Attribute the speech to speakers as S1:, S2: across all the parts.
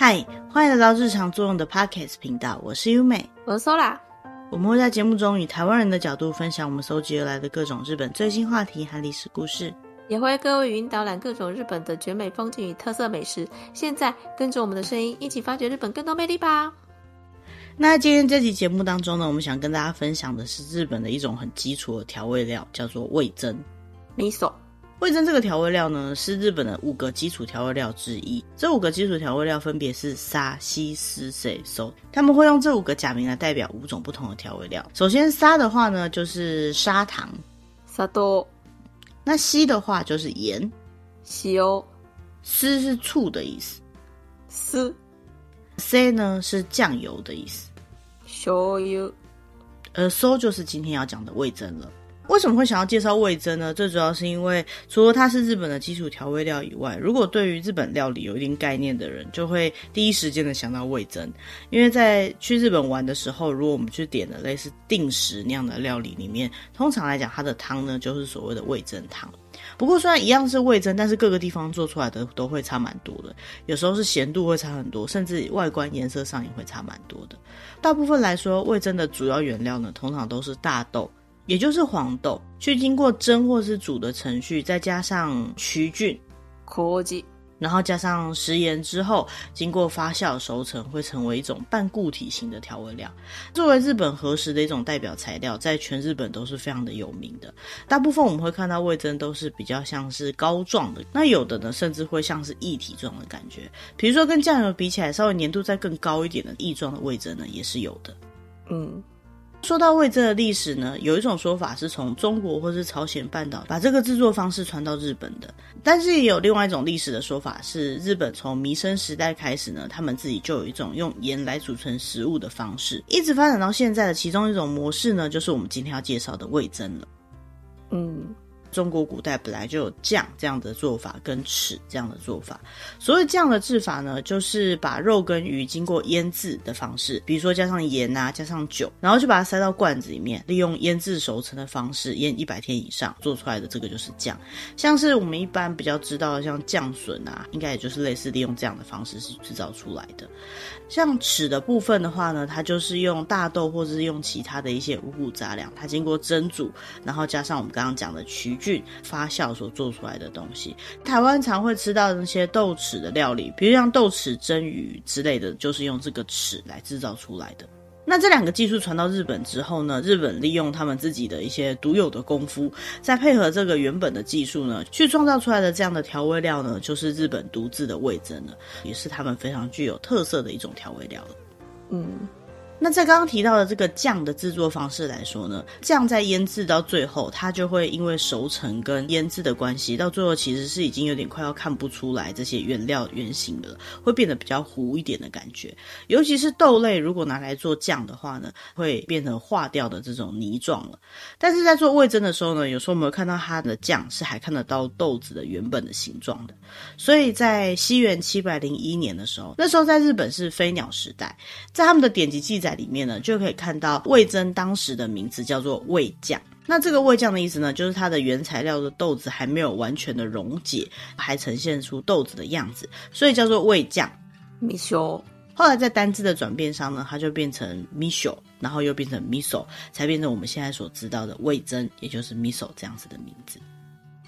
S1: 嗨，Hi, 歡迎來到日常作用的 Podcast 頻道，我是優美，我是蘇拉。我們會在節目中以台灣人的角度，分享我們蒐集而來的各種日本最新話題和歷史故事，
S2: 也會為各位語音導覽各種日本的絕美風景與特色美食。現在跟着我們的聲音，一起發掘日本更多魅力吧。
S1: 那今天這期節目當中呢，我們想跟大家分享的是日本的一種很基礎的調味料，叫做味噌，味噌。味噌這個調味料呢，是日本的五個基礎調味料之一。這五個基礎調味料分別是砂、西、斯、c、so。他們會用這五個假名來代表五種不同的調味料。首先，砂的話呢，就是砂糖，砂多糖。那西的話就是鹽，西歐塩。斯是醋的意思，斯酥。c 呢是醬油的意思，醬油。呃，so 就是今天要講的味噌了。為什麼會想要介紹味噌呢？最主要是因為除了它是日本的基礎調味料以外，如果對於日本料理有一定概念的人，就會第一時間的想到味噌。因為在去日本玩的時候，如果我們去點的類似定食那樣的料理裡面，通常來講它的湯呢就是所謂的味噌湯。不過雖然一樣是味噌，但是各個地方做出來的都會差蠻多的，有時候是鹹度會差很多，甚至外觀顏色上也會差蠻多的。大部分來說，味噌的主要原料呢通常都是大豆。也就是黃豆去經過蒸或是煮的程序，再加上曲菌，科技麥，然後加上食鹽之後，經過發酵熟成，會成為一種半固體型的調味料。作為日本和食的一種代表材料，在全日本都是非常的有名的。大部分我們會看到味噌都是比較像是膏狀的，那有的呢，甚至會像是液體狀的感覺。比如說跟醬油比起來，稍微粘度再更高一點的液狀的味噌呢，也是有的。嗯。說到味噌的歷史呢，有一種說法是從中國或是朝鮮半島把這個制作方式傳到日本的，但是也有另外一種歷史的說法是，日本從彌生時代開始呢，他們自己就有一種用鹽來儲存食物的方式，一直發展到現在的其中一種模式呢，就是我們今天要介紹的味噌了。嗯。中國古代本來就有醬這樣的做法跟豉這樣的做法，所謂醬的製法呢，就是把肉跟魚經過醃製的方式，比如說加上鹽啊，加上酒，然後就把它塞到罐子裡面，利用醃製熟成的方式，醃一百天以上做出來的這個就是醬。像是我們一般比較知道的像醬筍啊，應該也就是類似利用這樣的方式是製造出來的。像豉的部分的話呢，它就是用大豆或者是用其他的一些五穀雜糧，它經過蒸煮，然後加上我們剛剛講的麴。發酵所做出來的東西，台灣常會吃到那些豆豉的料理，比如像豆豉蒸魚之類的，就是用這個豉來製造出來的。那這兩個技術傳到日本之後呢，日本利用他們自己的一些獨有的功夫，再配合這個原本的技術呢，去創造出來的這樣的調味料呢，就是日本獨自的味噌了，也是他們非常具有特色的一種調味料了。嗯。那在剛剛提到的這個醬的製作方式來說呢，醬在醃製到最後，它就會因為熟成跟醃製的關係，到最後其實是已經有點快要看不出來這些原料原型的了，會變得比較糊一點的感覺。尤其是豆類，如果拿來做醬的話呢，會變成化掉的這種泥狀了。但是在做味噌的時候呢，有時候我們會看到它的醬是還看得到豆子的原本的形狀的。所以在西元七百零一年的時候，那時候在日本是飛鳥時代，在他們的典籍記載。在裡面呢，就可以看到味噌當時的名字叫做味醬。那這個味醬的意思呢，就是它的原材料的豆子還沒有完全的溶解，還呈現出豆子的樣子，所以叫做味醬。米秀。後來在單字的轉變上呢，它就變成米修，然後又變成米索，才變成我們現在所知道的味噌，也就是米索這樣子的名字。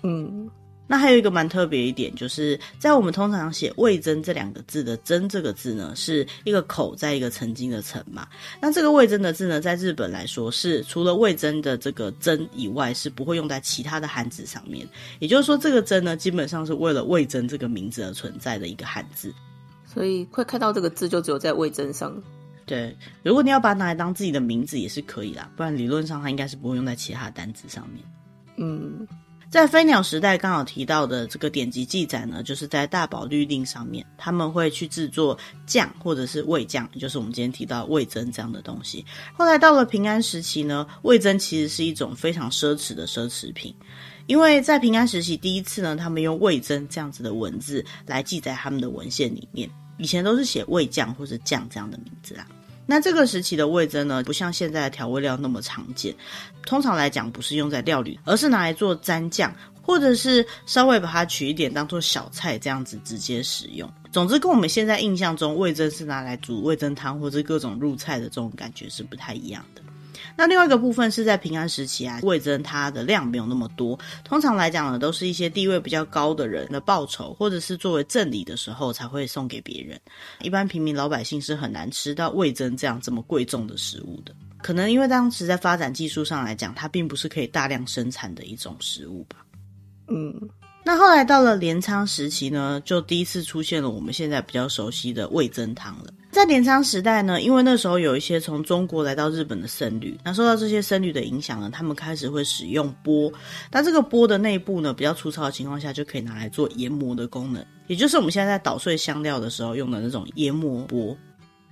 S2: 嗯。
S1: 那還有一個蠻特別一點，就是在我們通常寫味噌這兩個字的“噌”這個字呢，是一個口在一個曾經的“曾”嘛。那這個味噌的字呢，在日本來說是除了味噌的這個“噌”以外，是不會用在其他的漢字上面。也就是說，這個“噌”呢，基本上是為了味噌這個名字而存在的一個漢字。
S2: 所以，快看到這個字就只有在味噌上。
S1: 對，如果你要把它拿來當自己的名字也是可以的，不然理論上它應該是不會用在其他的單詞上面。嗯。在飛鳥時代剛好提到的這個典籍記載呢，就是在大寶律令上面，他們會去制作醬或者是味醬，就是我們今天提到味噌這樣的東西。後來到了平安時期呢，味噌其實是一種非常奢侈的奢侈品，因為在平安時期第一次呢，他們用味噌這樣子的文字來記載他們的文獻裡面，以前都是寫味醬或者醬這樣的名字啊。那這個時期的味噌呢，不像現在的調味料那麼常見，通常來講不是用在料理，而是拿來做蘸醬，或者是稍微把它取一點當做小菜這樣子直接食用。總之，跟我們現在印象中味噌是拿來煮味噌湯或者各種入菜的這種感覺是不太一樣的。那另外一個部分是在平安時期啊，味噌它的量沒有那麼多。通常來講呢，都是一些地位比較高的人的報酬，或者是作為贈禮的時候才會送給別人。一般平民老百姓是很難吃到味噌這樣這麼貴重的食物的。可能因為當時在發展技術上來講，它並不是可以大量生產的一種食物吧。嗯。那後來到了鐮倉時期呢，就第一次出現了我們現在比較熟悉的味噌湯了。在鐮倉時代呢，因為那時候有一些從中國來到日本的僧侶，那受到這些僧侶的影響呢，他們開始會使用缽，但這個缽的內部呢，比較粗糙的情況下，就可以拿來做研磨的功能，也就是我們現在在搗碎香料的時候用的那種研磨缽。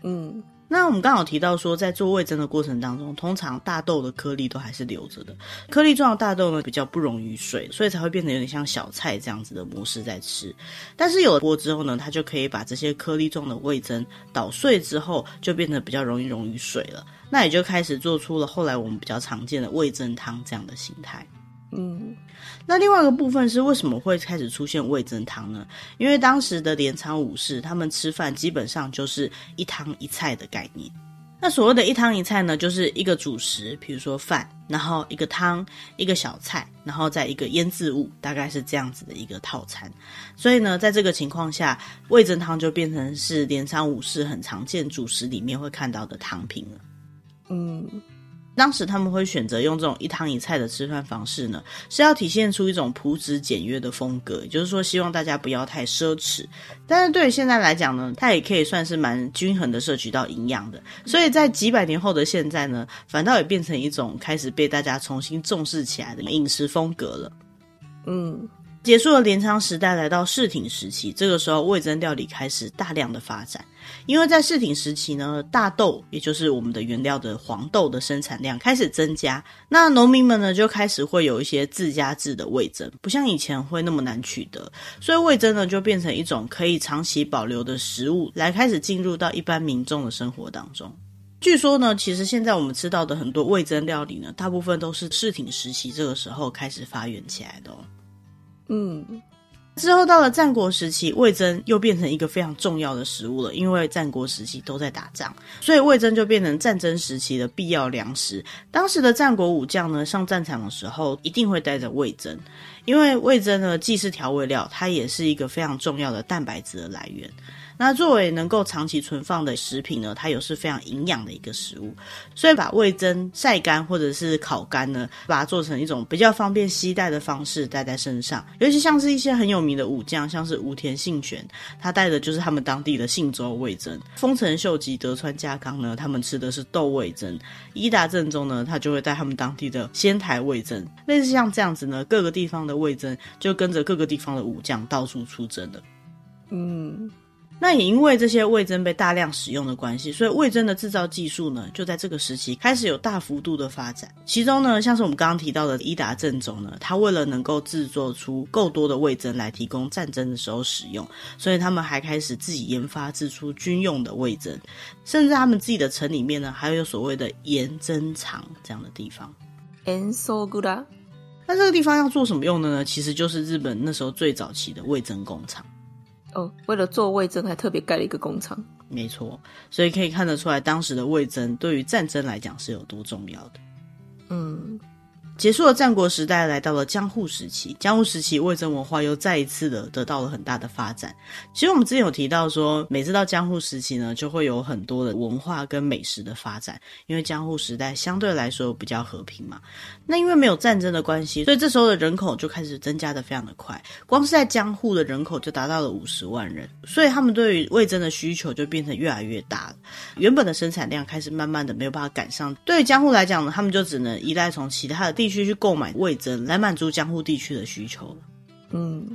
S1: 嗯。那我們剛好提到說，在做味噌的過程當中，通常大豆的顆粒都還是留着的，顆粒狀的大豆呢比較不溶於水，所以才會變得有點像小菜這樣子的模式在吃。但是有了鍋之後呢，它就可以把這些顆粒狀的味噌搗碎之後，就變得比較容易溶於水了。那也就開始做出了後來我們比較常見的味噌湯這樣的形態。嗯，那另外一個部分是為什麼會開始出現味噌湯呢？因為當時的鎌倉武士他們吃飯基本上就是一湯一菜的概念。那所謂的一湯一菜呢，就是一個主食，比如說飯，然後一個湯，一個小菜，然後再一個醃制物，大概是這樣子的一個套餐。所以呢，在這個情況下，味噌湯就變成是鎌倉武士很常見主食裡面會看到的湯品了。嗯。當時他們會選擇用這種一湯一菜的吃飯方式呢，是要體現出一種樸質簡約的風格，也就是說希望大家不要太奢侈。但是對於現在來講呢，它也可以算是蠻均衡的攝取到營養的。所以在幾百年後的現在呢，反倒也變成一種開始被大家重新重視起來的飲食風格了。嗯，結束了鎌倉時代，來到室町時期，這個時候味噌料理開始大量的發展。因為在室町時期呢，大豆也就是我們的原料的黃豆的生產量開始增加，那農民們呢，就開始會有一些自家制的味噌，不像以前會那麼難取得，所以味噌呢就變成一種可以長期保留的食物，來開始進入到一般民眾的生活當中。據說呢，其實現在我們吃到的很多味噌料理呢，大部分都是室町時期這個時候開始發源起來的哦。嗯。之後到了戰國時期，味噌又變成一個非常重要的食物了。因為戰國時期都在打仗，所以味噌就變成戰爭時期的必要糧食。當時的戰國武將呢，上戰場的時候一定會帶着味噌，因為味噌呢既是調味料，它也是一個非常重要的蛋白質的來源。那作為能夠長期存放的食品呢，它也是非常營養的一個食物，所以把味噌曬乾或者是烤乾呢，把它做成一種比較方便攜帶的方式帶在身上。尤其像是一些很有名的武將，像是武田信玄，他帶的就是他們當地的信州味噌；豐臣秀吉、德川家康呢，他們吃的是豆味噌；伊達正宗呢，他就會帶他們當地的仙台味噌。類似像這樣子呢，各個地方的味噌就跟着各個地方的武將到處出征
S2: 了，嗯。
S1: 那也因為這些味噌被大量使用的關係，所以味噌的製造技術呢，就在這個時期開始有大幅度的發展。其中呢，像是我們剛剛提到的伊達政宗呢，他為了能夠製作出夠多的味噌來提供戰爭的時候使用，所以他們還開始自己研發製出軍用的味噌。甚至他們自己的城裡面呢，還有所謂的鹽噌藏這樣的地方。Enso Gura，那這個地方要做什麼用的呢？其實就是日本那時候最早期的味噌工廠。哦，為了做
S2: 味噌，還特別蓋了一個工廠。
S1: 沒錯，所以可以看得出來，當時的味噌對於戰爭來講是有多重要的。
S2: 嗯。
S1: 結束了戰國時代，來到了江戶時期。江戶時期，味噌文化又再一次的得到了很大的發展。其實我們之前有提到說，每次到江戶時期呢，就會有很多的文化跟美食的發展，因為江戶時代相對來說比較和平嘛。那因為沒有戰爭的關係，所以這時候的人口就開始增加的非常的快。光是在江戶的人口就達到了五十萬人，所以他們對於味噌的需求就變成越來越大了。原本的生產量開始慢慢的沒有辦法趕上。對於江戶來講呢，他們就只能依賴從其他的地必須去購買味噌來滿足江戶地區的需求了。
S2: 嗯，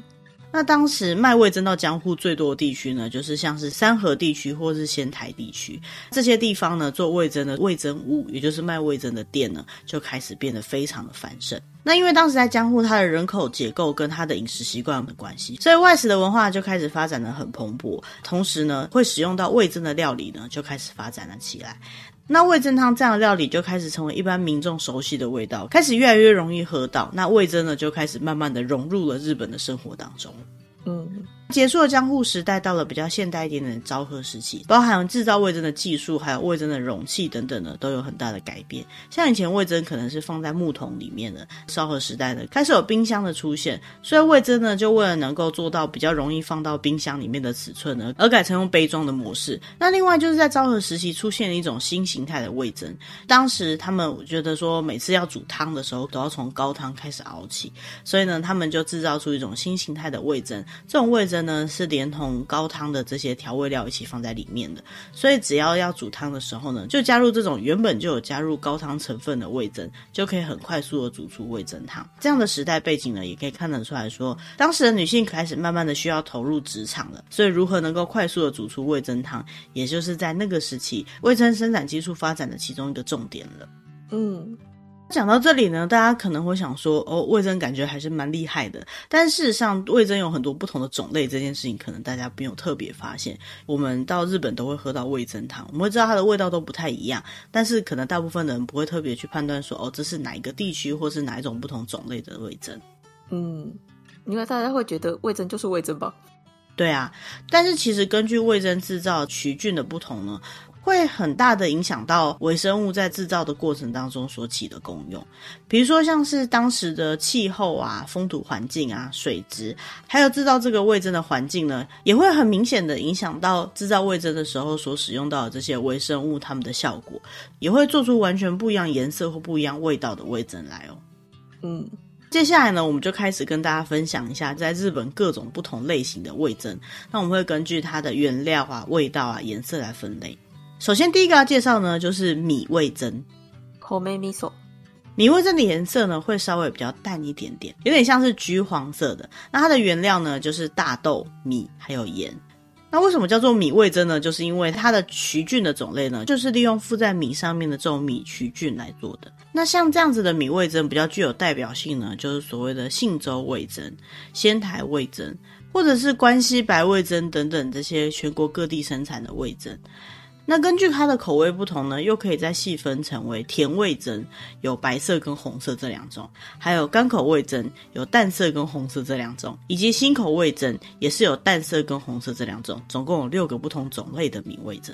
S1: 那當時賣味噌到江戶最多的地區呢，就是像是三河地區或是仙台地區，這些地方呢，做味噌的味噌屋，也就是賣味噌的店呢，就開始變得非常的繁盛。那因為當時在江戶，它的人口結構跟它的飲食習慣的關係，所以外食的文化就開始發展得很蓬勃，同時呢，會使用到味噌的料理呢，就開始發展了起來。那味噌湯這樣的料理就開始成為一般民眾熟悉的味道，開始越來越容易喝到。那味噌呢，就開始慢慢的融入了日本的生活當中。嗯。結束了江戶時代，到了比較現代一點點的昭和時期，包含製造味噌的技術，還有味噌的容器等等呢，都有很大的改變。像以前味噌可能是放在木桶裡面的，昭和時代的開始有冰箱的出現，所以味噌呢，就為了能夠做到比較容易放到冰箱裡面的尺寸呢，而改成用杯裝的模式。那另外就是在昭和時期出現了一種新形態的味噌，當時他們覺得說每次要煮湯的時候都要從高湯開始熬起，所以呢，他們就製造出一種新形態的味噌，這種味噌呢是連同高湯的這些調味料一起放在裡面的，所以只要要煮湯的時候呢，就加入這種原本就有加入高湯成分的味噌，就可以很快速的煮出味噌湯。這樣的時代背景呢，也可以看得出來說，當時的女性開始慢慢的需要投入職場了，所以如何能夠快速的煮出味噌湯，也就是在那個時期味噌生產技術發展的其中一個重點了。嗯。講到這裡呢，大家可能會想說，哦，味噌感覺還是蠻厲害的。但事實上，味噌有很多不同的種類，這件事情可能大家不用特別發現。我們到日本都會喝到味噌湯，我們會知道它的味道都不太一樣，但是可能大部分人不會特別去判斷說，哦，這是哪一個地區或是哪一種不同種類的味噌。
S2: 嗯，因為大家會覺得味噌就是味噌吧？
S1: 對啊，但是其實根據味噌製造麴菌的不同呢。會很大的影響到微生物在製造的過程當中所起的功用，比如說像是當時的氣候啊、風土環境啊、水質，還有製造這個味噌的環境呢，也會很明顯的影響到製造味噌的時候所使用到的這些微生物它們的效果，也會做出完全不一樣顏色或不一樣味道的味噌來哦。嗯，接下來呢，我們就開始跟大家分享一下在日本各種不同類型的味噌，那我們會根據它的原料啊、味道啊、顏色來分類。首先，第一個要介紹呢，就是米味噌。口梅米手米味噌的顏色呢，會稍微比較淡一點點，有點像是橘黃色的。那它的原料呢，就是大豆、米還有鹽。那為什麼叫做米味噌呢？就是因為它的曲菌的種類呢，就是利用附在米上面的這種米曲菌來做的。那像這樣子的米味噌比較具有代表性呢，就是所謂的信州味噌、仙台味噌，或者是關西白味噌等等這些全國各地生產的味噌。那根據它的口味不同呢，又可以再細分成為甜味噌，有白色跟紅色這兩種；還有甘口味噌，有淡色跟紅色這兩種；以及辛口味噌，也是有淡色跟紅色這兩種。總共有六個不同種類的米味噌。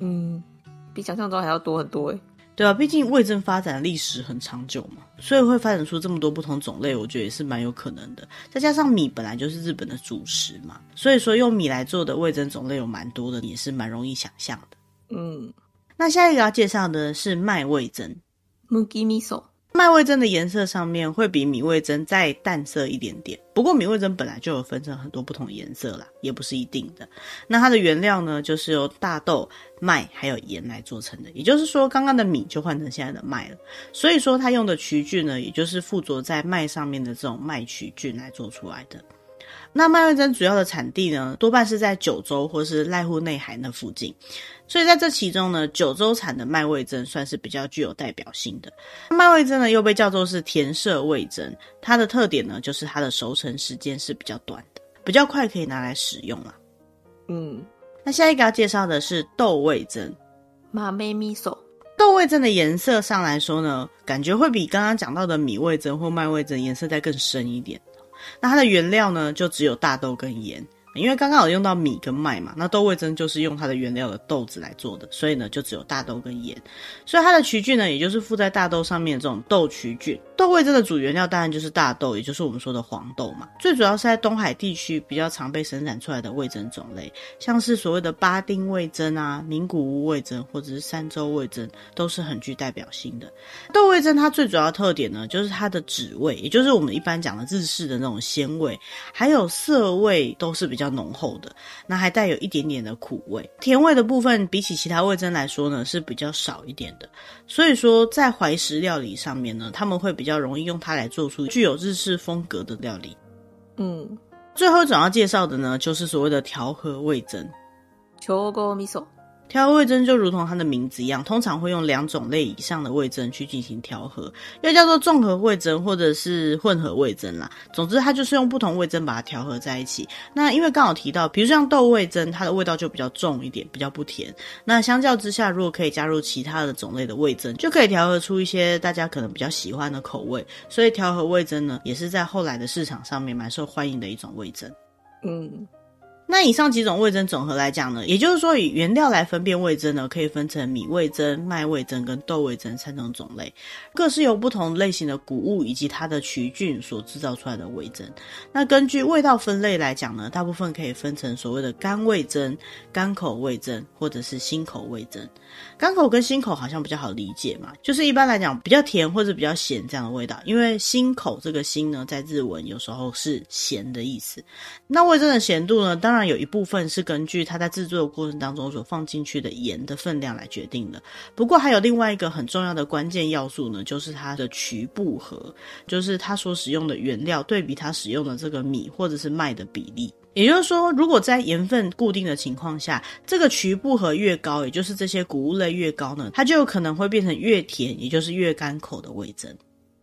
S1: 嗯，比想象中還要多很多誒、欸。對啊，畢竟味噌發展歷史很長久嘛，所以會發展出這麼多不同種類，我覺得也是蠻有可能的。再加上米本來就是日本的主食嘛，所以說用米來做的味噌種類有蠻多的，也是蠻容易想象的。嗯，那下一個要介紹的是麥味噌。Mugi miso，麥味噌的顏色上面會比米味噌再淡色一點點。不過米味噌本來就有分成很多不同顏色啦，也不是一定的。那它的原料呢，就是由大豆、麥還有鹽來做成的。也就是說，剛剛的米就換成現在的麥了。所以說，它用的麴菌呢，也就是附着在麥上面的這種麥麴菌菌來做出來的。那麥味噌主要的產地呢，多半是在九州或是瀨戶內海那附近，所以在這其中呢，九州產的麥味噌算是比較具有代表性的。麥味噌呢，又被叫做是甜色味噌，它的特點呢，就是它的熟成時間是比較短的，比較快可以拿來使用啦。嗯，那下一個要介紹的是豆味噌，馬梅米索。豆味噌的顏色上來說呢，感覺會比剛剛講到的米味噌或麥味噌顏色再更深一點。那它的原料呢，就只有大豆跟鹽。因為剛剛我用到米跟麥嘛，那豆味噌就是用它的原料的豆子來做的，所以呢就只有大豆跟鹽。所以它的曲菌呢，也就是附在大豆上面的這種豆曲菌。豆味噌的主原料當然就是大豆，也就是我們說的黃豆嘛。最主要是在東海地區比較常被生產出來的味噌種類，像是所謂的八丁味噌啊、名古屋味噌或者是三州味噌，都是很具代表性的。豆味噌它最主要的特點呢，就是它的旨味，也就是我們一般講的日式的那種鮮味，還有澀味都是比較。比較濃厚的，那還帶有一點點的苦味，甜味的部分比起其他味噌來說呢是比較少一點的。所以說在懷石料理上面呢，他們會比較容易用它來做出具有日式風格的料理。嗯，最後總要介紹的呢，就是所謂的調和味噌。調和味噌就如同它的名字一樣，通常會用兩種類以上的味噌去進行調和，又叫做綜合味噌或者是混合味噌啦。總之，它就是用不同味噌把它調和在一起。那因為剛好提到，比如像豆味噌，它的味道就比較重一點，比較不甜。那相較之下，如果可以加入其他的種類的味噌，就可以調和出一些大家可能比較喜歡的口味。所以，調和味噌呢，也是在後來的市場上面蠻受歡迎的一種味噌。嗯。那以上幾種味噌總和來講呢，也就是說以原料來分辨味噌呢，可以分成米味噌、麥味噌跟豆味噌三種種類，各是由不同類型的穀物以及它的麴菌所制造出來的味噌。那根據味道分類來講呢，大部分可以分成所謂的甘味噌、甘口味噌或者是辛口味噌。甘口跟辛口好像比較好理解嘛，就是一般來講比較甜或者比較鹹這樣的味道，因為辛口這個辛呢，在日文有時候是鹹的意思。那味噌的鹹度呢，當當然有一部分是根據它在製作的過程當中所放進去的鹽的分量來決定的。不過還有另外一個很重要的關鍵要素呢，就是它的麴步合，就是它所使用的原料對比它使用的這個米或者是麥的比例。也就是說，如果在鹽分固定的情況下，這個麴步合越高，也就是這些穀物類越高呢，它就有可能會變成越甜，也就是越甘口的味噌。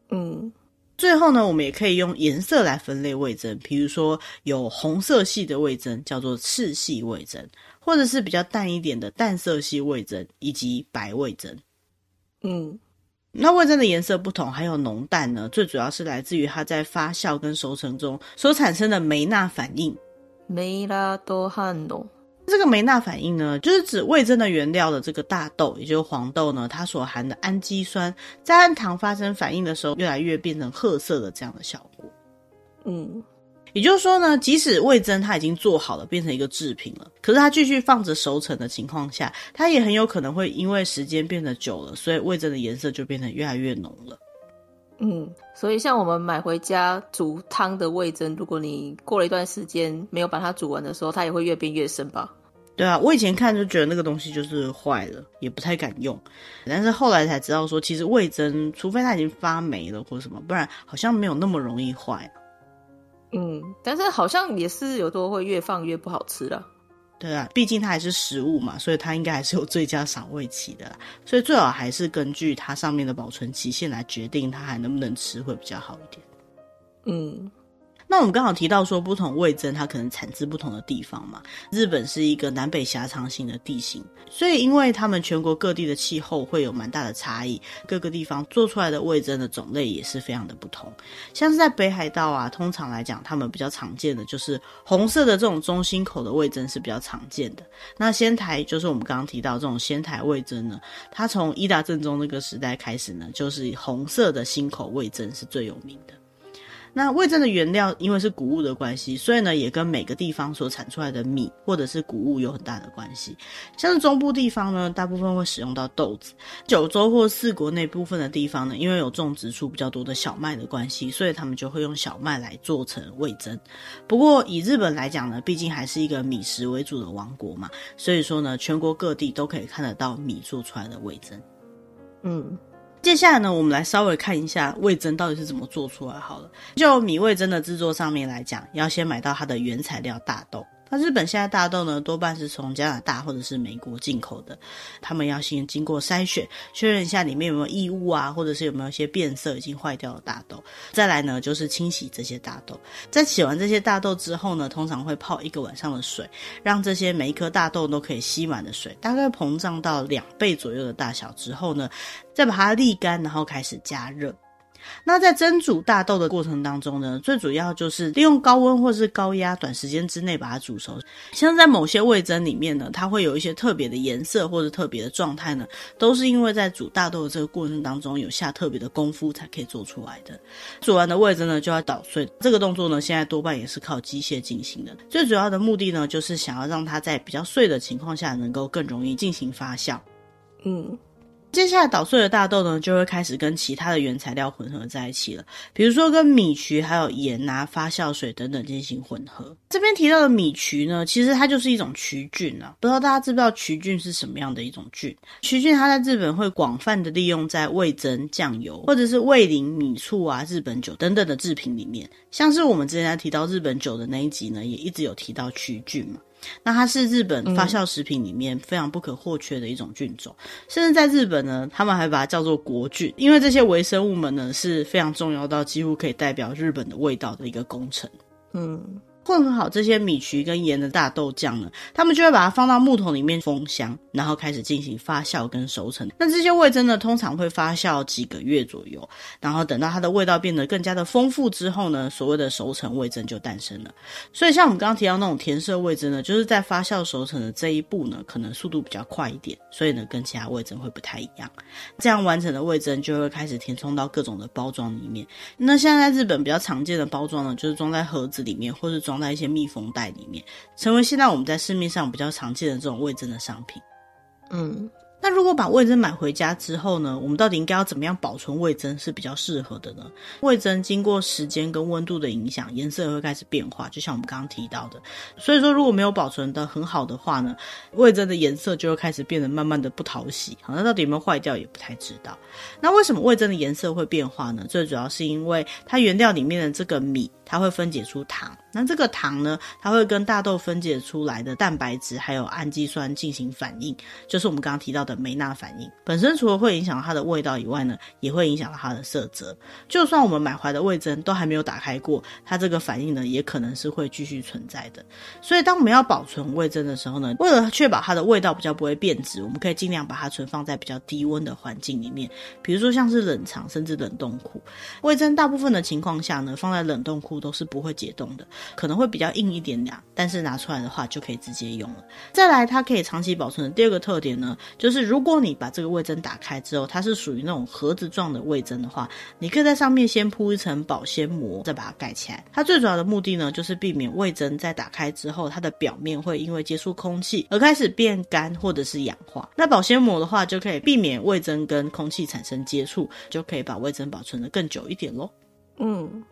S1: 嗯。最後呢，我們也可以用顏色來分類味噌，比如說有紅色系的味噌叫做赤系味噌，或者是比較淡一點的淡色系味噌以及白味噌。嗯，那味噌的顏色不同，還有濃淡呢，最主要是來自於它在發酵跟熟成中所產生的梅納反應。嗯這個梅納反應呢，就是指味噌的原料的這個大豆，也就是黃豆呢，它所含的氨基酸在和糖發生反應的時候，越來越變成褐色的這樣的效果。
S2: 嗯，
S1: 也就是說呢，即使味噌它已經做好了，變成一個製品了，可是它繼續放着熟成的情況下，它也很有可能會因為時間變得久了，所以味噌的顏色就變得越來越濃了。
S2: 嗯，所以像我們買回家煮湯的味噌，如果你過了一段時間沒有把它煮完的時候，它也會越變越深吧。
S1: 對啊，我以前看就覺得那個東西就是壞了，也不太敢用，但是後來才知道說，其實味噌除非它已經發霉了或什麼，不然好像沒有那麼容易壞啊。嗯，
S2: 但是好像也是有多會越放越不好吃的。
S1: 對啊，畢竟它還是食物嘛，所以它應該還是有最佳賞味期的啦，所以最好還是根據它上面的保存期限來決定它還能不能吃會比較好一點。嗯。那我們剛好提到說，不同味噌它可能產自不同的地方嘛。日本是一個南北狹長型的地形，所以因為他們全國各地的氣候會有蠻大的差異，各個地方做出來的味噌的種類也是非常的不同。像是在北海道啊，通常來講，他們比較常見的就是紅色的這種中心口的味噌是比較常見的。那仙台就是我們剛剛提到這種仙台味噌呢，它從伊達正宗那個時代開始呢，就是以紅色的心口味噌是最有名的。那味噌的原料，因為是穀物的關係，所以呢，也跟每個地方所產出來的米或者是穀物有很大的關係。像是中部地方呢，大部分會使用到豆子；九州或四國那部分的地方呢，因為有種植出比較多的小麥的關係，所以他們就會用小麥來做成味噌。不過以日本來講呢，畢竟還是一個米食為主的王國嘛，所以說呢，全國各地都可以看得到米做出來的味噌。嗯。接下來呢，我們來稍微看一下味噌到底是怎麼做出來好了。就米味噌的制作上面來講，要先買到它的原材料大豆。那日本現在大豆呢，多半是從加拿大或者是美國進口的，他們要先經過篩選，確認一下裡面有沒有異物啊，或者是有沒有一些變色已經壞掉的大豆。再來呢，就是清洗這些大豆。在洗完這些大豆之後呢，通常會泡一個晚上的水，讓這些每一顆大豆都可以吸滿的水，大概膨脹到兩倍左右的大小之後呢，再把它瀝乾，然後開始加熱。那在蒸煮大豆的過程當中呢，最主要就是利用高溫或是高壓，短時間之內把它煮熟。像在某些味噌裡面呢，它會有一些特別的顏色或者特別的狀態呢，都是因為在煮大豆的這個過程當中有下特別的功夫才可以做出來的。煮完的味噌呢，就要搗碎。這個動作呢，現在多半也是靠機械進行的。最主要的目的呢，就是想要讓它在比較碎的情況下，能夠更容易進行發酵。嗯。接下來搗碎的大豆呢，就會開始跟其他的原材料混合在一起了，比如說跟米麴、還有鹽啊、發酵水等等進行混合。這邊提到的米麴呢，其實它就是一種麴菌啊，不知道大家知不知道麴菌是什麼樣的一種菌？麴菌它在日本會廣泛的利用在味噌醬油或者是味醂、米醋啊、日本酒等等的製品裡面。像是我們之前在提到日本酒的那一集呢，也一直有提到麴菌嘛。那它是日本發酵食品裡面非常不可或缺的一種菌種，嗯、甚至在日本呢，他們還把它叫做國菌，因為這些微生物們呢是非常重要到幾乎可以代表日本的味道的一個工程。嗯。混合好這些米麴跟鹽的大豆醬呢，他們就會把它放到木桶裡面封箱，然後開始進行發酵跟熟成。那這些味噌呢，通常會發酵幾個月左右，然後等到它的味道變得更加的豐富之後呢，所謂的熟成味噌就誕生了。所以像我們剛剛提到那種甜色味噌呢，就是在發酵熟成的這一步呢，可能速度比較快一點，所以呢，跟其他味噌會不太一樣。這樣完成的味噌就會開始填充到各種的包裝裡面。那現在，在日本比較常見的包裝呢，就是裝在盒子裡面，或是裝。在一些密封袋裡面，成為現在我們在市面上比較常見的這種味噌的商品。嗯，那如果把味噌買回家之後呢，我們到底應該要怎麼樣保存味噌是比較適合的呢？味噌經過時間跟溫度的影響，顏色也會開始變化，就像我們剛剛提到的。所以說，如果沒有保存得很好的話呢，味噌的顏色就會開始變得慢慢的不討喜。好像到底有沒有壞掉也不太知道。那為什麼味噌的顏色會變化呢？最主要是因為它原料裡面的這個米。它會分解出糖，那這個糖呢，它會跟大豆分解出來的蛋白質還有氨基酸進行反應，就是我們剛剛提到的梅納反應。本身除了會影響它的味道以外呢，也會影響到它的色澤。就算我們買回來的味噌都還沒有打開過，它這個反應呢，也可能是會繼續存在的。所以當我們要保存味噌的時候呢，為了確保它的味道比較不會變質，我們可以盡量把它存放在比較低溫的環境裡面，比如說像是冷藏，甚至冷凍庫。味噌大部分的情況下呢，放在冷凍庫。都是不會解凍的，可能會比較硬一點點。但是拿出來的話就可以直接用了。再來，它可以長期保存的第二個特點呢，就是如果你把這個味噌打開之後，它是屬於那種盒子狀的味噌的話，你可以在上面先鋪一層保鮮膜，再把它蓋起來。它最主要的目的呢，就是避免味噌在打開之後，它的表面會因為接觸空氣而開始變乾或者是氧化。那保鮮膜的話，就可以避免味噌跟空氣產生接觸，就可以把味噌保存得更久一點咯。嗯。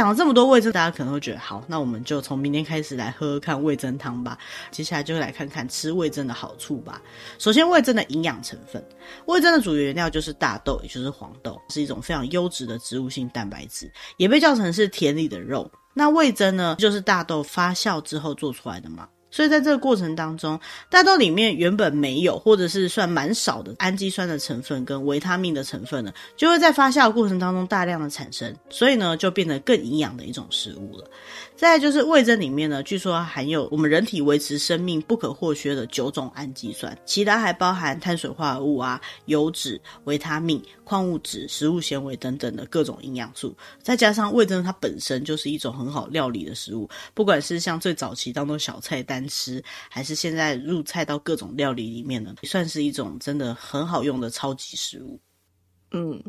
S1: 講了這麼多味噌，大家可能會覺得好，那我們就從明天開始來喝喝看味噌湯吧。接下來就來看看吃味噌的好處吧。首先，味噌的營養成分，味噌的主要原料就是大豆，也就是黃豆，是一種非常優質的植物性蛋白質，也被叫成是田裡的肉。那味噌呢，就是大豆發酵之後做出來的嘛。所以在這個過程當中，大豆裡面原本沒有，或者是算蠻少的氨基酸的成分跟維他命的成分呢，就會在發酵的過程當中大量的產生，所以呢，就變得更營養的一種食物了。再來就是味噌裡面呢，據說含有我們人體維持生命不可或缺的九種氨基酸，其他還包含碳水化合物啊、油脂、維他命、礦物質、食物纖維等等的各種營養素。再加上味噌它本身就是一種很好料理的食物，不管是像最早期當做小菜單吃，還是現在入菜到各種料理裡面呢，算是一種真的很好用的超級食物。嗯，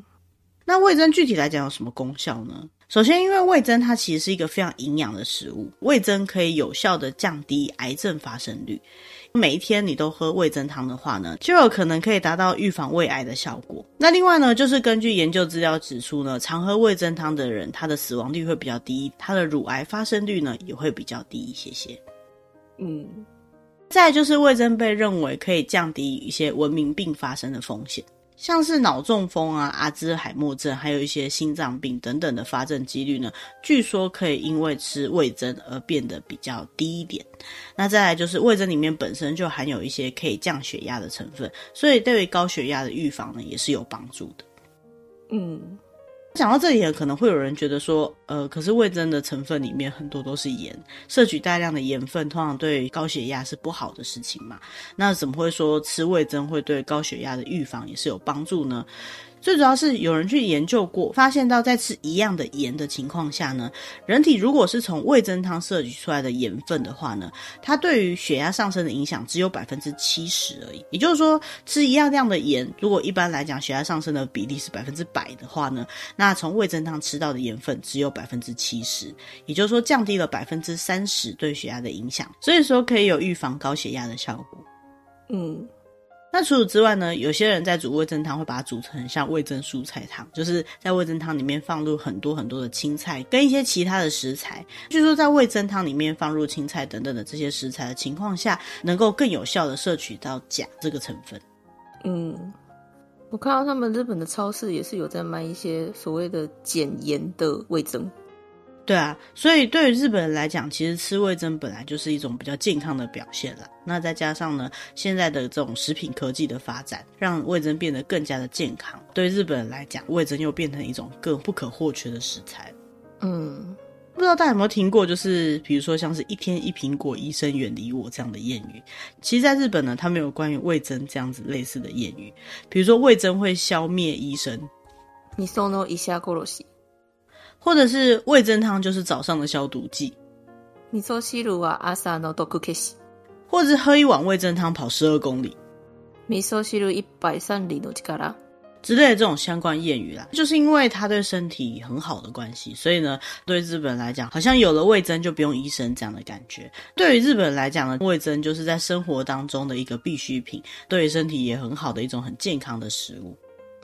S1: 那味噌具體來講有什麼功效呢？首先，因為味噌它其實是一個非常營養的食物，味噌可以有效的降低癌症發生率。每一天你都喝味噌湯的話呢，就有可能可以達到預防胃癌的效果。那另外呢，就是根據研究資料指出呢，常喝味噌湯的人，他的死亡率會比較低，他的乳癌發生率呢也會比較低一些些。嗯，再來就是味噌被認為可以降低一些文明病發生的風險。像是腦中風啊、阿茲海默症，還有一些心臟病等等的發症幾率呢，據說可以因為吃味噌而變得比較低一點。那再來就是味噌裡面本身就含有一些可以降血壓的成分，所以對於高血壓的預防呢，也是有幫助的。嗯。講到這裡，可能會有人覺得說，呃，可是味噌的成分裡面很多都是鹽，攝取大量的鹽分通常對高血壓是不好的事情嘛。那怎麼會說吃味噌會對高血壓的預防也是有幫助呢？最主要是有人去研究過，發現到在吃一樣的鹽的情況下呢，人體如果是從味噌湯攝取出來的鹽分的話呢，它對於血壓上升的影響只有百分之七十而已。也就是說，吃一樣量的鹽，如果一般來講血壓上升的比例是百分之百的話呢，那從味噌湯吃到的鹽分只有百分之七十，也就是說降低了百分之三十對血壓的影響。所以說可以有預防高血壓的效果。嗯。那除此之外呢，有些人在煮味噌湯，會把它煮成像味噌蔬菜湯，就是在味噌湯裡面放入很多很多的青菜跟一些其他的食材。據說在味噌湯裡面放入青菜等等的這些食材的情況下，能夠更有效地攝取到鉀這個成分。
S2: 嗯，我看到他們日本的超
S1: 市也是有在賣一些所謂的減鹽的味噌。對啊，所以對於日本人來講，其實吃味噌本來就是一種比較健康的表現啦。那再加上呢，現在的這種食品科技的發展，讓味噌變得更加的健康。對日本人來講，味噌又變成一種更不可或缺的食材。嗯，不知道大家有沒有聽過，就是比如說像是一天一蘋果，醫生遠離我這樣的諺語。其實，在日本呢，他們有關於味噌這樣子類似的諺語，比如說味噌會消滅醫生。嗯 或者是味噌湯就是早上的消毒劑，或者是喝一碗味噌湯跑十二公里，之類的這種相關諺語啦，就是因為它對身體很好的關係，所以呢，對日本來講，好像有了味噌就不用醫生這樣的感覺。對於日本來講呢，味噌就是在生活當中的一個必需品，對於身體也很好的一種很健康的食物。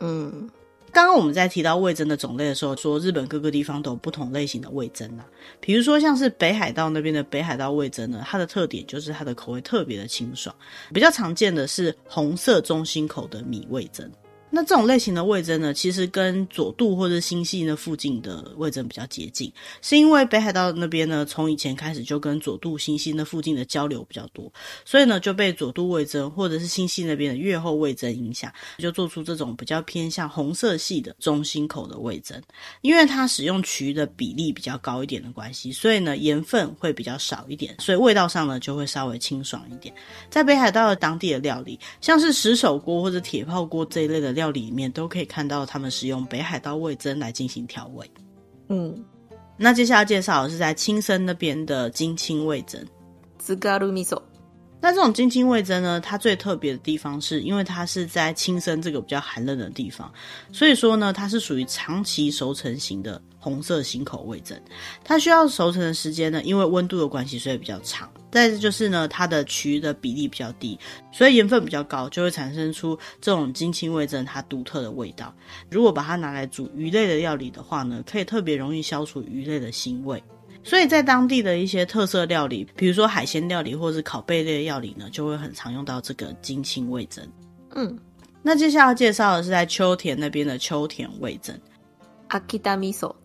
S1: 嗯。剛剛我們在提到味噌的種類的時候，說日本各個地方都有不同類型的味噌吶。比如說像是北海道那邊的北海道味噌呢，它的特點就是它的口味特別的清爽，比較常見的是紅色中辛口的米味噌。那這種類型的味噌呢，其實跟佐渡或者新潟那附近的味噌比較接近，是因為北海道那邊呢，從以前開始就跟佐渡新潟那附近的交流比較多，所以呢就被佐渡味噌或者是新潟那邊的越後味噌影響，就做出這種比較偏向紅色系的中心口的味噌，因為它使用麴的比例比較高一點的關係，所以呢鹽分會比較少一點，所以味道上呢就會稍微清爽一點。在北海道的當地的料理，像是石手鍋或者鐵炮鍋這一類的料理，料裡面都可以看到，他們使用北海道味噌來進行調味。嗯，那接下來介紹的是在青森那邊的金青味噌，味噌，那這種金青味噌呢，它最特別的地方是因為它是在青森這個比較寒冷的地方，所以說呢，它是屬於長期熟成型的紅色辛口味噌，它需要熟成的時間呢，因為溫度的關係，所以比較長。再就是呢，它的麴的比例比較低，所以鹽分比較高，就會產生出這種津輕味噌它獨特的味道。如果把它拿來煮魚類的料理的話呢，可以特別容易消除魚類的腥味。所以在當地的一些特色料理，比如說海鮮料理或是烤貝類的料理呢，就會很常用到這個津輕味噌。嗯，那接下來介紹的是在秋田那邊的秋田味噌，Akita miso。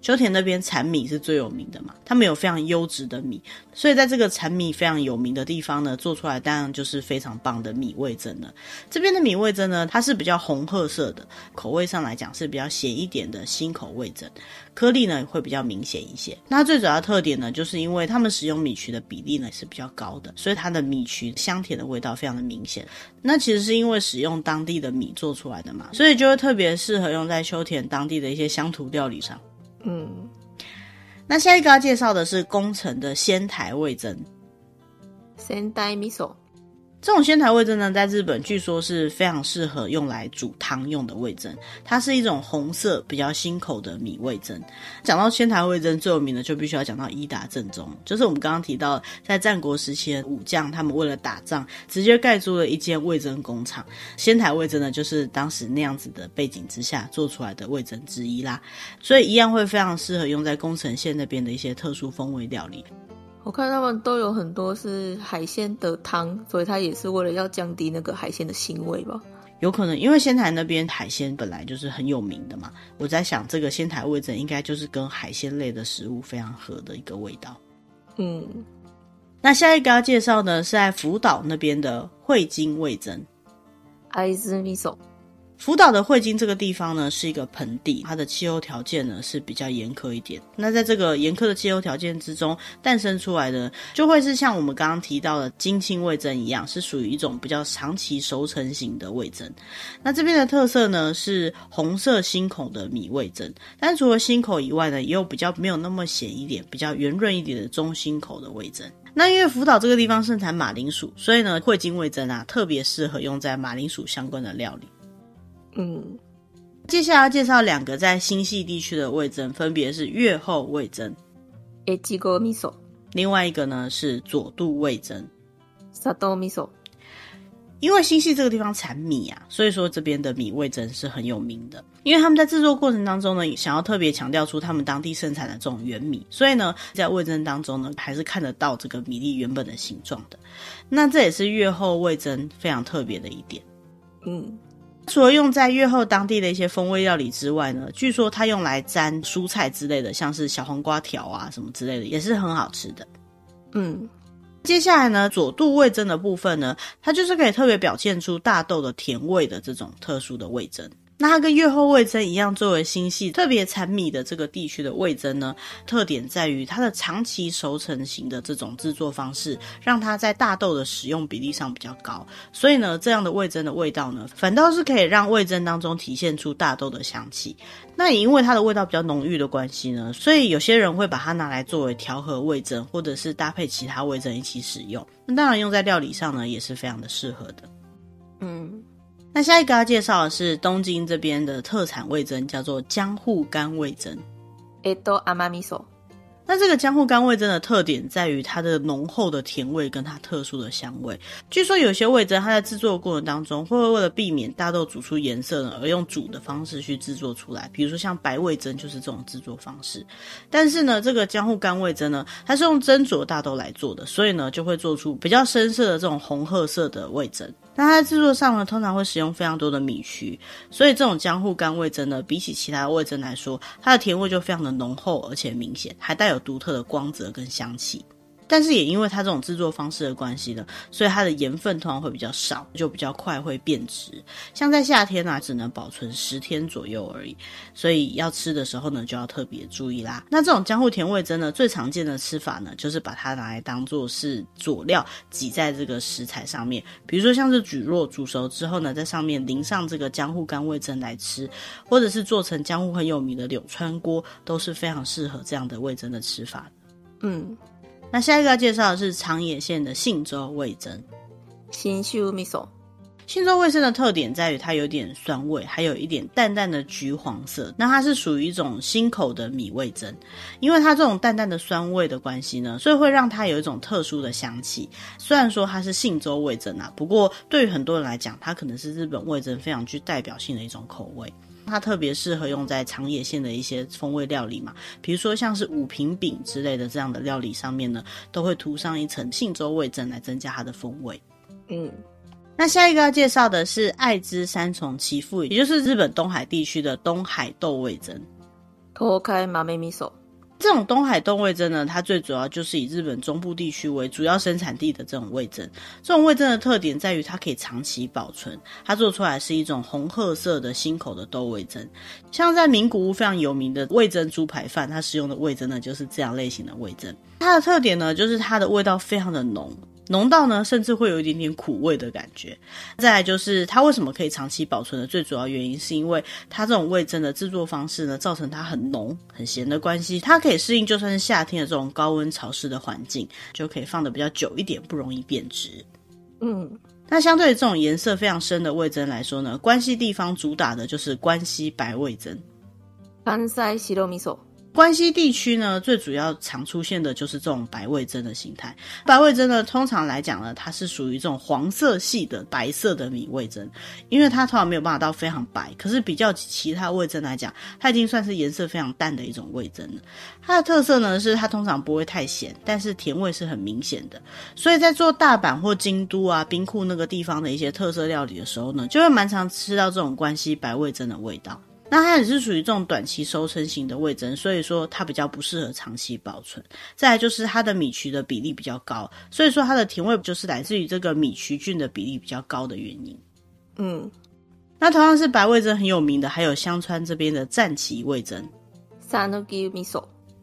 S1: 秋田那邊產米是最有名的嘛，他們有非常優質的米，所以在這個產米非常有名的地方呢，做出來當然就是非常棒的米味噌了。這邊的米味噌呢，它是比較紅褐色的，口味上來講是比較鹹一點的辛口味噌，顆粒呢會比較明顯一些。那最主要特點呢，就是因為他們使用米麴的比例呢是比較高的，所以它的米麴香甜的味道非常的明顯。那其實是因為使用當地的米做出來的嘛，所以就會特別適合用在秋田當地的一些鄉土料理上。嗯，那下一個要介紹的是宮城的仙台味噌。仙台味噌這種仙台味噌呢，在日本據說是非常適合用來煮湯用的味噌，它是一種紅色比較辛口的米味噌。講到仙台味噌最有名的，就必須要講到伊達政宗，就是我們剛剛提到，在戰國時期的武將，他們為了打仗，直接蓋住了一間味噌工廠。仙台味噌呢，就是當時那樣子的背景之下做出來的味噌之一啦，所以一樣會非常適合用在宮城縣那邊的一些特殊風味料理。
S2: 我看他們都有很多是海鮮的湯，所以它也是為了要降低那個海鮮的腥味吧？
S1: 有可能，因為仙台那邊海鮮本來就是很有名的嘛。我在想，這個仙台味噌應該就是跟海鮮類的食物非常合的一個味道。嗯，那下一個要介紹呢是在福島那邊的會津味噌 i z u 福島的會津這個地方呢，是一個盆地，它的氣候條件呢是比較嚴苛一點。那在這個嚴苛的氣候條件之中誕生出來的，就會是像我們剛剛提到的津輕味噌一樣，是屬於一種比較長期熟成型的味噌。那這邊的特色呢是紅色辛口的米味噌，但除了辛口以外呢，也有比較沒有那麼鹹一點、比較圓潤一點的中辛口的味噌。那因為福島這個地方盛產馬鈴薯，所以呢，會津味噌啊特別適合用在馬鈴薯相關的料理。嗯，接下來要介紹兩個在新潟地區的味噌，分別是越後味噌，味噌，另外一個呢是佐渡味噌，味噌。因為新潟這個地方產米啊，所以說這邊的米味噌是很有名的。因為他們在製作過程當中呢，想要特別強調出他們當地生產的這種原米，所以呢，在味噌當中呢，還是看得到這個米粒原本的形狀的。那這也是越後味噌非常特別的一點。嗯。除了用在越後當地的一些風味料理之外呢，據說它用來沾蔬菜之類的，像是小黃瓜條啊什麼之類的，也是很好吃的。嗯，接下來呢，佐渡味噌的部分呢，它就是可以特別表現出大豆的甜味的這種特殊的味噌。那它跟越後味噌一樣作為新潟特別產米的這個地區的味噌呢，特點在於它的長期熟成型的這種製作方式，讓它在大豆的使用比例上比較高。所以呢，這樣的味噌的味道呢，反倒是可以讓味噌當中體現出大豆的香氣。那也因為它的味道比較濃郁的關係呢，所以有些人會把它拿來作為調和味噌，或者是搭配其他味噌一起使用。那當然用在料理上呢，也是非常的適合的。嗯。那下一個要介紹的是東京這邊的特產味噌，叫做江戶甘味噌。欸那這個江戶甘味噌的特點在於它的濃厚的甜味跟它特殊的香味。據說有些味噌，它在製作的過程當中會為了避免大豆煮出顏色呢，而用煮的方式去製作出來。比如說像白味噌就是這種製作方式。但是呢，這個江戶甘味噌呢，它是用蒸煮的大豆來做的，所以呢就會做出比較深色的這種紅褐色的味噌。那它在製作上呢，通常會使用非常多的米麴，所以這種江戶甘味噌呢，比起其他的味噌來說，它的甜味就非常的濃厚而且明顯，還帶有獨特的光澤跟香氣。但是也因為它這種制作方式的關係呢，所以它的鹽分通常會比較少，就比較快會變質。像在夏天呢、啊，只能保存十天左右而已。所以要吃的時候呢，就要特別注意啦。那這種江戶甜味噌呢，最常見的吃法呢，就是把它拿來當做是佐料，擠在這個食材上面。比如說像是蒟蒻煮熟之後呢，在上面淋上這個江戶乾味噌來吃，或者是做成江戶很有名的柳川鍋，都是非常適合這樣的味噌的吃法。嗯。那下一個要介紹的是長野縣的信州味噌。信州味噌，信州味噌的特點在於它有點酸味，還有一點淡淡的橘黃色。那它是屬於一種新口的米味噌，因為它這種淡淡的酸味的關係呢，所以會讓它有一種特殊的香氣。雖然說它是信州味噌啊，不過對於很多人來講，它可能是日本味噌非常具代表性的一種口味。它特別適合用在長野縣的一些風味料理嘛，比如說像是五平餅之類的這樣的料理上面呢，都會塗上一層信州味噌來增加它的風味。嗯，那下一個要介紹的是愛知三重岐阜，也就是日本東海地區的東海豆味噌。東海豆味噌。這種東海豆味噌呢，它最主要就是以日本中部地區為主要生產地的這種味噌。這種味噌的特點在於它可以長期保存，它做出來是一種紅褐色的辛口的豆味噌。像在名古屋非常有名的味噌豬排飯，它使用的味噌呢就是這樣類型的味噌。它的特點呢就是它的味道非常的濃。濃到呢，甚至會有一點點苦味的感覺。再來就是它為什麼可以長期保存的最主要原因，是因為它這種味噌的制作方式呢，造成它很濃很鹹的關係，它可以適應就算是夏天的這種高溫潮濕的環境，就可以放得比較久一點，不容易變質。嗯，那相對於這種顏色非常深的味噌來說呢，關西地方主打的就是關西白味噌，關西白味噌。關西地區呢，最主要常出現的就是這種白味噌的形態。白味噌呢，通常來講呢，它是屬於這種黃色系的白色的米味噌，因為它通常沒有辦法到非常白。可是比較其他味噌來講，它已經算是顏色非常淡的一種味噌了。它的特色呢，是它通常不會太鹹，但是甜味是很明顯的。所以在做大阪或京都啊、兵庫那個地方的一些特色料理的時候呢，就會蠻常吃到這種關西白味噌的味道。那它也是屬於這種短期收成型的味噌，所以說它比較不適合長期保存。再來就是它的米麴的比例比較高，所以說它的甜味就是來自於這個米麴菌的比例比較高的原因。嗯，那同樣是白味噌很有名的，還有香川這邊的讚岐味
S2: 噌。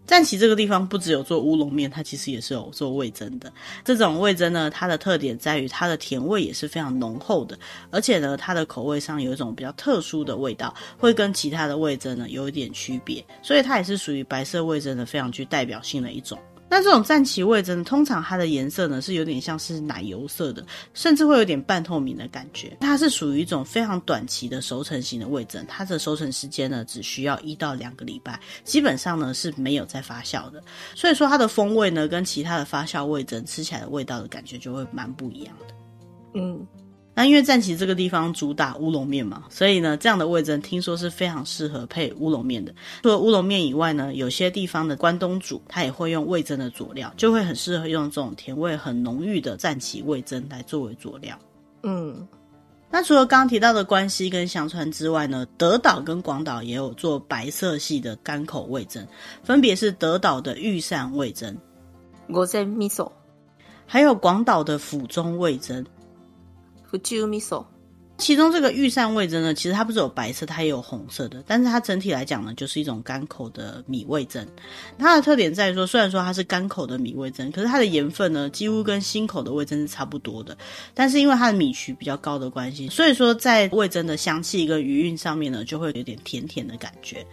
S1: 讚岐這個地方不只有做烏龍麵，它其實也是有做味噌的。這種味噌呢，它的特點在於它的甜味也是非常濃厚的，而且呢，它的口味上有一種比較特殊的味道，會跟其他的味噌呢有一點區別，所以它也是屬於白色味噌的非常具代表性的一種。那這種戰旗味噌，通常它的顏色呢是有點像是奶油色的，甚至會有點半透明的感覺。它是屬於一種非常短期的熟成型的味噌，它的熟成時間呢只需要一到兩個禮拜，基本上呢是沒有再發酵的。所以說它的風味呢，跟其他的發酵味噌吃起來的味道的感覺就會蠻不一樣的。嗯。那因為讚岐這個地方主打烏龍麵嘛，所以呢，這樣的味噌聽說是非常適合配烏龍麵的。除了烏龍麵以外呢，有些地方的關東煮它也會用味噌的佐料，就會很適合用這種甜味很濃郁的讚岐味噌來作為佐料。嗯，那除了剛剛提到的關西跟香川之外呢，德島跟廣島也有做白色系的甘口味噌，分別是德島的御膳味噌、我在秘 e 還有廣島的府中味噌。其中這個御膳味噌呢，其實它不是有白色，它也有紅色的，但是它整體來講呢，就是一種甘口的米味噌。它的特點在於說，雖然說它是甘口的米味噌，可是它的鹽分呢，幾乎跟辛口的味噌是差不多的。但是因為它的米曲比較高的關係，所以說在味噌的香氣跟餘韻上面呢，就會有點甜甜的感覺。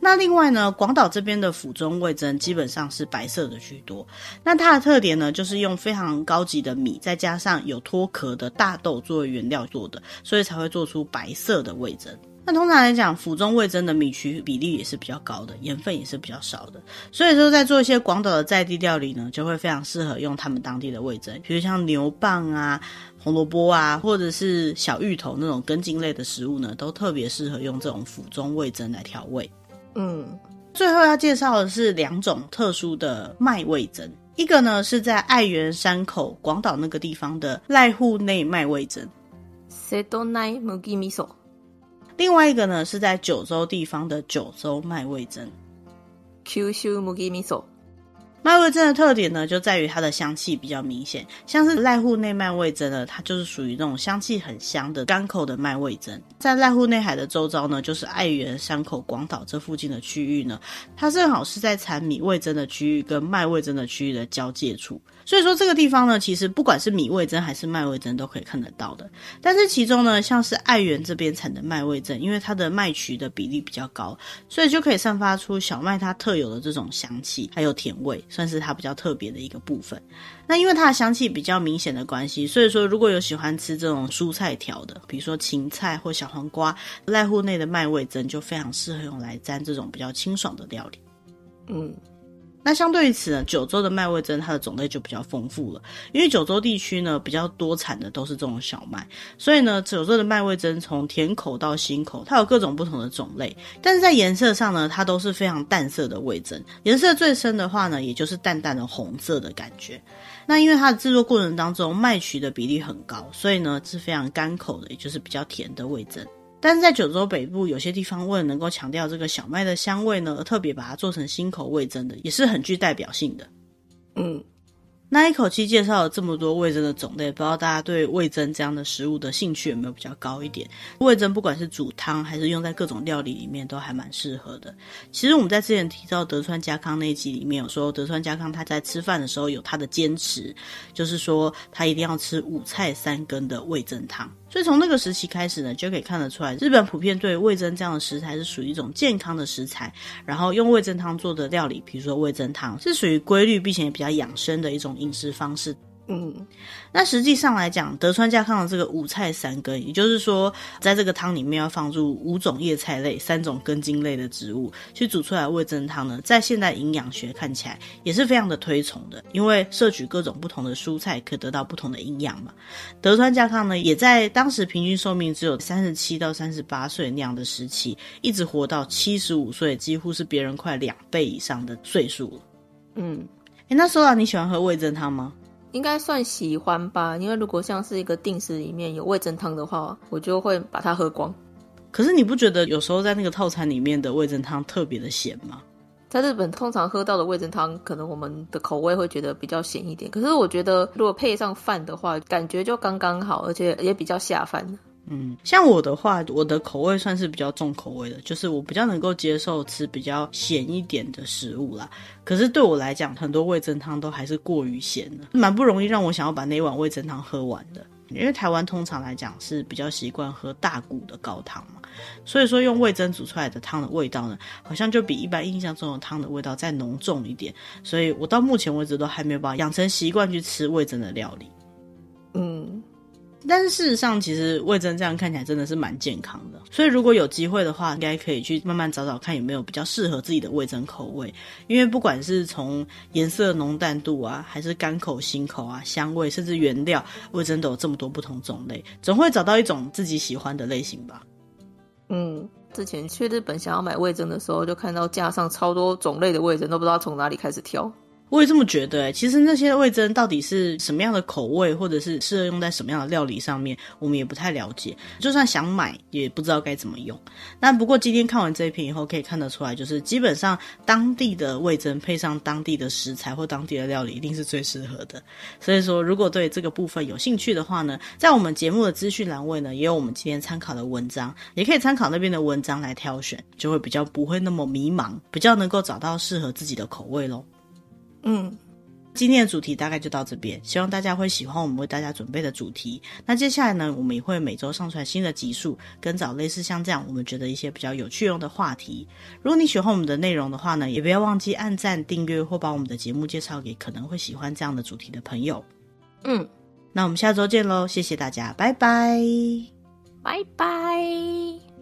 S1: 那另外呢，廣島這邊的府中味噌基本上是白色的居多。那它的特點呢，就是用非常高級的米，再加上有脫殼的大豆作為原料做的，所以才會做出白色的味噌。那通常來講，府中味噌的米曲比例也是比較高的，鹽分也是比較少的。所以說，在做一些廣島的在地料理呢，就會非常適合用他們當地的味噌，比如像牛蒡啊、紅蘿蔔啊，或者是小芋頭那種根莖類的食物呢，都特別適合用這種府中味噌來調味。嗯，最後要介紹的是兩種特殊的麥味噌，一個呢是在愛媛、山口、廣島那個地方的瀨戶內麥味噌，Setonai Mugi Miso，另外一個呢是在九州地方的九州麥味噌，Kyushu Mugi Miso。麥味噌的特點呢，就在於它的香氣比較明顯，像是瀨戶內麥味噌呢，它就是屬於那種香氣很香的甘口的麥味噌。在瀨戶內海的周遭呢，就是愛媛、山口、廣島這附近的區域呢，它正好是在產米味噌的區域跟麥味噌的區域的交界處。所以說這個地方呢，其實不管是米味噌還是麥味噌都可以看得到的。但是其中呢，像是愛媛這邊產的麥味噌，因為它的麥曲的比例比較高，所以就可以散發出小麥它特有的這種香氣，還有甜味，算是它比較特別的一個部分。那因為它的香氣比較明顯的關係，所以說如果有喜歡吃這種蔬菜條的，比如說芹菜或小黃瓜，瀨戶內的麥味噌就非常適合用來沾這種比較清爽的料理。嗯。那相對於此呢，九州的麥味噌它的種類就比較豐富了，因為九州地區呢比較多產的都是這種小麥，所以呢九州的麥味噌從甜口到辛口，它有各種不同的種類，但是在顏色上呢，它都是非常淡色的味噌，顏色最深的話呢，也就是淡淡的紅色的感覺。那因為它的制作過程當中麥曲的比例很高，所以呢是非常甘口的，也就是比較甜的味噌。但是在九州北部，有些地方為了能夠強調這個小麥的香味呢，而特別把它做成新口味噌的，也是很具代表性的。嗯，那一口氣介紹了這麼多味噌的種類，不知道大家對味噌這樣的食物的興趣有沒有比較高一點？味噌不管是煮湯還是用在各種料理裡面，都還蠻適合的。其實我們在之前提到德川家康那一集裡面，有說德川家康他在吃飯的時候有他的堅持，就是說他一定要吃五菜三羹的味噌湯。所以從那個時期開始呢，就可以看得出來，日本普遍對於味噌這樣的食材是屬於一種健康的食材，然後用味噌湯做的料理，比如說味噌湯，是屬於規律並且也比較養生的一種飲食方式。嗯，那實際上來講，德川家康的這個五菜三根，也就是說，在這個湯裡面要放入五種葉菜類、三種根莖類的植物去煮出來味噌湯呢，在現代營養學看起來也是非常的推崇的，因為攝取各種不同的蔬菜，可得到不同的營養嘛。德川家康呢，也在當時平均壽命只有三十七到三十八歲那樣的時期，一直活到七十五歲，幾乎是別人快兩倍以上的歲數了。嗯，哎，那說到你喜歡喝味噌湯嗎？
S2: 應該算喜歡吧，因為如果像是一個定食裡面有味噌湯的話，我就會把它喝光。
S1: 可是你不覺得有時候在那個套餐裡面的味噌湯特別的鹹嗎？
S2: 在日本通常喝到的味噌湯，可能我們的口味會覺得比較鹹一點。可是我覺得如果配上飯的話，感覺就剛剛好，而且也比較下飯。
S1: 嗯，像我的話，我的口味算是比較重口味的，就是我比較能夠接受吃比較鹹一點的食物啦。可是對我來講，很多味噌湯都還是過於鹹的，蠻不容易讓我想要把那一碗味噌湯喝完的。因為台灣通常來講是比較習慣喝大骨的高湯嘛，所以說用味噌煮出來的湯的味道呢，好像就比一般印象中的湯的味道再濃重一點。所以我到目前為止都還沒有辦法養成習慣去吃味噌的料理。嗯。但事實上，其實味噌這樣看起來真的是蠻健康的，所以如果有機會的話，應該可以去慢慢找找看有沒有比較適合自己的味噌口味。因為不管是從顏色濃淡度啊，還是甘口、辛口啊，香味，甚至原料，味噌都有這麼多不同種類，總會找到一種自己喜歡的類型吧。
S2: 嗯，之前去日本想要買味噌的時候，就看到架上超多種類的味噌，都不知道從哪裡開始挑。
S1: 我也這麼覺得欸。其實那些味噌到底是什麼樣的口味，或者是適合用在什麼樣的料理上面，我們也不太了解。就算想買，也不知道該怎麼用。那不過今天看完這一篇以後，可以看得出來，就是基本上當地的味噌配上當地的食材或當地的料理，一定是最適合的。所以說，如果對這個部分有興趣的話呢，在我們節目的資訊欄位呢，也有我們今天參考的文章，也可以參考那邊的文章來挑選，就會比較不會那麼迷茫，比較能夠找到適合自己的口味咯。嗯，今天的主題大概就到這邊，希望大家會喜歡我們為大家準備的主題。那接下來呢，我們也會每週上傳新的集數，跟找類似像這樣我們覺得一些比較有趣用的話題。如果你喜歡我們的內容的話呢，也不要忘記按讚、訂閱或把我們的節目介紹給可能會喜歡這樣的主題的朋友。嗯，那我們下週見嘍，謝謝大家，拜拜，拜拜。